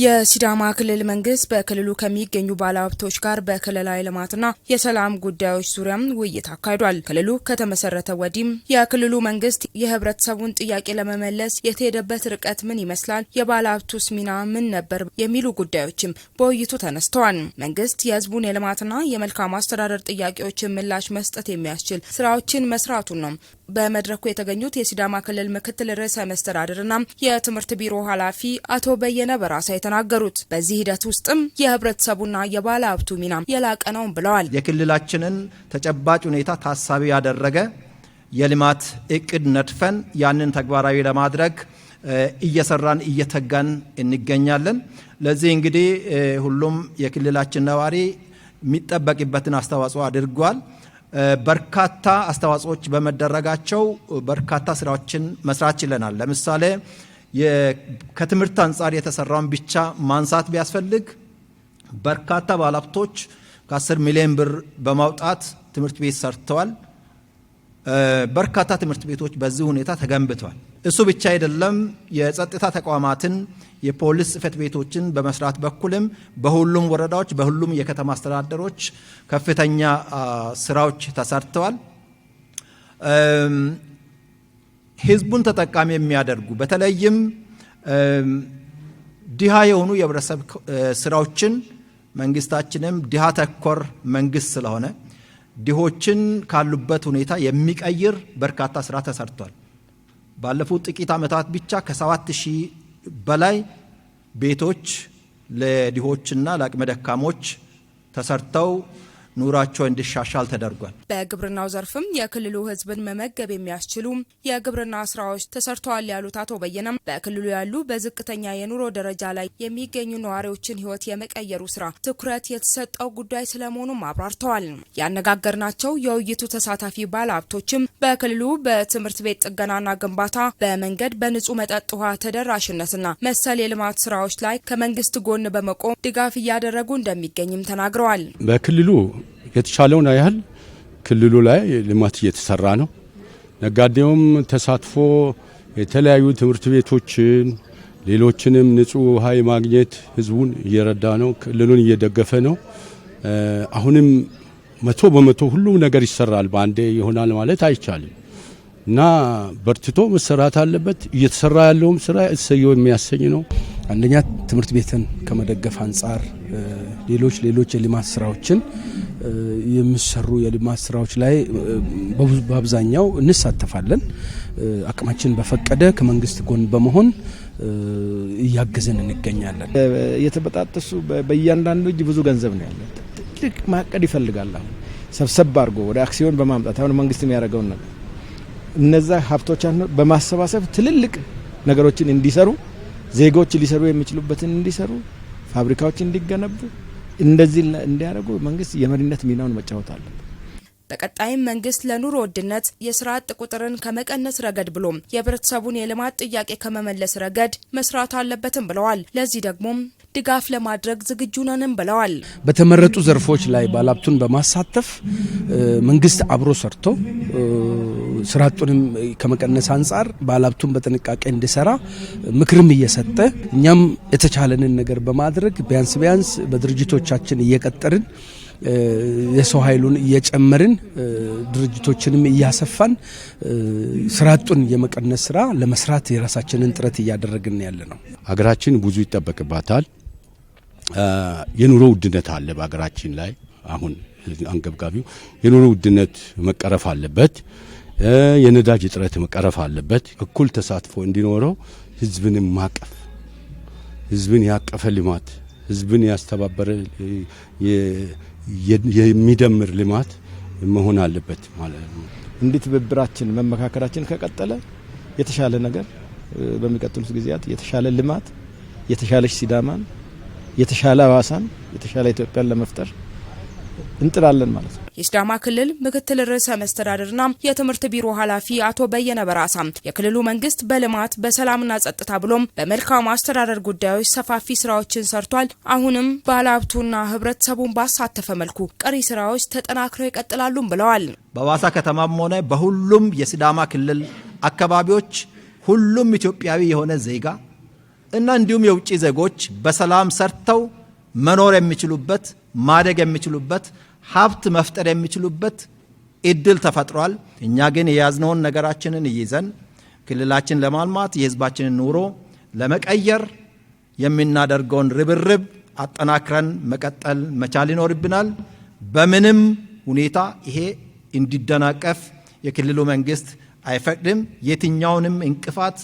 የሲዳማ ክልል መንግስት በክልሉ ከሚገኙ ባለሀብቶች ጋር በክልላዊ ልማትና የሰላም ጉዳዮች ዙሪያም ውይይት አካሂዷል። ክልሉ ከተመሰረተ ወዲህም የክልሉ መንግስት የህብረተሰቡን ጥያቄ ለመመለስ የተሄደበት ርቀት ምን ይመስላል፣ የባለሀብቱስ ሚና ምን ነበር የሚሉ ጉዳዮችም በውይይቱ ተነስተዋል። መንግስት የህዝቡን የልማትና የመልካም አስተዳደር ጥያቄዎችን ምላሽ መስጠት የሚያስችል ስራዎችን መስራቱን ነው በመድረኩ የተገኙት የሲዳማ ክልል ምክትል ርዕሰ መስተዳድርና የትምህርት ቢሮ ኃላፊ አቶ በየነ በራሳ የተናገሩት በዚህ ሂደት ውስጥም የህብረተሰቡና የባለ ሀብቱ ሚና የላቀ ነው ብለዋል። የክልላችንን ተጨባጭ ሁኔታ ታሳቢ ያደረገ የልማት እቅድ ነድፈን ያንን ተግባራዊ ለማድረግ እየሰራን እየተጋን እንገኛለን። ለዚህ እንግዲህ ሁሉም የክልላችን ነዋሪ የሚጠበቅበትን አስተዋጽኦ አድርጓል። በርካታ አስተዋጽኦች በመደረጋቸው በርካታ ስራዎችን መስራት ችለናል። ለምሳሌ ከትምህርት አንጻር የተሰራውን ብቻ ማንሳት ቢያስፈልግ በርካታ ባለሀብቶች ከ10 ሚሊዮን ብር በማውጣት ትምህርት ቤት ሰርተዋል። በርካታ ትምህርት ቤቶች በዚህ ሁኔታ ተገንብተዋል። እሱ ብቻ አይደለም፣ የጸጥታ ተቋማትን የፖሊስ ጽፈት ቤቶችን በመስራት በኩልም በሁሉም ወረዳዎች፣ በሁሉም የከተማ አስተዳደሮች ከፍተኛ ስራዎች ተሰርተዋል። ህዝቡን ተጠቃሚ የሚያደርጉ በተለይም ድሃ የሆኑ የህብረተሰብ ስራዎችን መንግስታችንም ድሃ ተኮር መንግስት ስለሆነ ድሆችን ካሉበት ሁኔታ የሚቀይር በርካታ ስራ ተሰርቷል። ባለፉት ጥቂት ዓመታት ብቻ ከ ሺህ በላይ ቤቶች ለድሆችና ለአቅመ ደካሞች ተሰርተው ኑሯቸው እንዲሻሻል ተደርጓል። በግብርናው ዘርፍም የክልሉ ህዝብን መመገብ የሚያስችሉ የግብርና ስራዎች ተሰርተዋል ያሉት አቶ በየነም በክልሉ ያሉ በዝቅተኛ የኑሮ ደረጃ ላይ የሚገኙ ነዋሪዎችን ህይወት የመቀየሩ ስራ ትኩረት የተሰጠው ጉዳይ ስለመሆኑም አብራርተዋል። ያነጋገርናቸው የውይይቱ ተሳታፊ ባለሀብቶችም በክልሉ በትምህርት ቤት ጥገናና ግንባታ፣ በመንገድ፣ በንጹህ መጠጥ ውሃ ተደራሽነትና መሰል የልማት ስራዎች ላይ ከመንግስት ጎን በመቆም ድጋፍ እያደረጉ እንደሚገኝም ተናግረዋል። በክልሉ የተቻለውን ያህል ክልሉ ላይ ልማት እየተሰራ ነው። ነጋዴውም ተሳትፎ የተለያዩ ትምህርት ቤቶችን ሌሎችንም ንጹህ ውሃ ማግኘት ህዝቡን እየረዳ ነው። ክልሉን እየደገፈ ነው። አሁንም መቶ በመቶ ሁሉም ነገር ይሰራል፣ በአንዴ ይሆናል ማለት አይቻልም እና በርትቶ መሰራት አለበት። እየተሰራ ያለውም ስራ እሰየው የሚያሰኝ ነው። አንደኛ ትምህርት ቤትን ከመደገፍ አንጻር ሌሎች ሌሎች የልማት ስራዎችን የሚሰሩ የልማት ስራዎች ላይ በአብዛኛው እንሳተፋለን። አቅማችን በፈቀደ ከመንግስት ጎን በመሆን እያገዘን እንገኛለን። የተበጣጠሱ በእያንዳንዱ እጅ ብዙ ገንዘብ ነው ያለ። ትልቅ ማቀድ ይፈልጋል። አሁን ሰብሰብ አድርጎ ወደ አክሲዮን በማምጣት አሁን መንግስት የሚያደርገውን ነገር እነዛ ሀብቶቻ በማሰባሰብ ትልልቅ ነገሮችን እንዲሰሩ ዜጎች ሊሰሩ የሚችሉበትን እንዲሰሩ ፋብሪካዎች እንዲገነቡ እንደዚህ እንዲያደርጉ መንግስት የመሪነት ሚናውን መጫወት አለበት። በቀጣይም መንግስት ለኑሮ ውድነት የስራ አጥ ቁጥርን ከመቀነስ ረገድ ብሎም የህብረተሰቡን የልማት ጥያቄ ከመመለስ ረገድ መስራት አለበትም ብለዋል። ለዚህ ደግሞም ድጋፍ ለማድረግ ዝግጁ ነንም ብለዋል። በተመረጡ ዘርፎች ላይ ባለሀብቱን በማሳተፍ መንግስት አብሮ ሰርቶ ስራጡንም ከመቀነስ አንጻር ባለሀብቱን በጥንቃቄ እንዲሰራ ምክርም እየሰጠ እኛም የተቻለንን ነገር በማድረግ ቢያንስ ቢያንስ በድርጅቶቻችን እየቀጠርን የሰው ኃይሉን እየጨመርን ድርጅቶችንም እያሰፋን ስራጡን የመቀነስ ስራ ለመስራት የራሳችንን ጥረት እያደረግን ያለ ነው። ሀገራችን ብዙ ይጠበቅባታል። የኑሮ ውድነት አለ በሀገራችን ላይ አሁን አንገብጋቢው የኑሮ ውድነት መቀረፍ አለበት። የነዳጅ እጥረት መቀረፍ አለበት። እኩል ተሳትፎ እንዲኖረው ህዝብንም ማቀፍ ህዝብን ያቀፈ ልማት ህዝብን ያስተባበረ የሚደምር ልማት መሆን አለበት ማለት ነው። እንዲህ ትብብራችን መመካከራችን ከቀጠለ የተሻለ ነገር በሚቀጥሉት ጊዜያት የተሻለ ልማት የተሻለች ሲዳማን የተሻለ ሀዋሳን የተሻለ ኢትዮጵያን ለመፍጠር እንጥላለን ማለት ነው። የሲዳማ ክልል ምክትል ርዕሰ መስተዳድርና የትምህርት ቢሮ ኃላፊ አቶ በየነ በራሳ የክልሉ መንግስት በልማት በሰላምና ጸጥታ ብሎም በመልካም አስተዳደር ጉዳዮች ሰፋፊ ስራዎችን ሰርቷል። አሁንም ባለሀብቱና ህብረተሰቡን ባሳተፈ መልኩ ቀሪ ስራዎች ተጠናክረው ይቀጥላሉም ብለዋል። በአዋሳ ከተማም ሆነ በሁሉም የሲዳማ ክልል አካባቢዎች ሁሉም ኢትዮጵያዊ የሆነ ዜጋ እና እንዲሁም የውጭ ዜጎች በሰላም ሰርተው መኖር የሚችሉበት ማደግ የሚችሉበት ሀብት መፍጠር የሚችሉበት እድል ተፈጥሯል። እኛ ግን የያዝነውን ነገራችንን ይዘን ክልላችን ለማልማት የህዝባችንን ኑሮ ለመቀየር የምናደርገውን ርብርብ አጠናክረን መቀጠል መቻል ይኖርብናል። በምንም ሁኔታ ይሄ እንዲደናቀፍ የክልሉ መንግስት አይፈቅድም። የትኛውንም እንቅፋት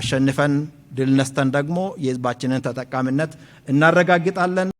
አሸንፈን ድልነስተን ደግሞ የህዝባችንን ተጠቃሚነት እናረጋግጣለን።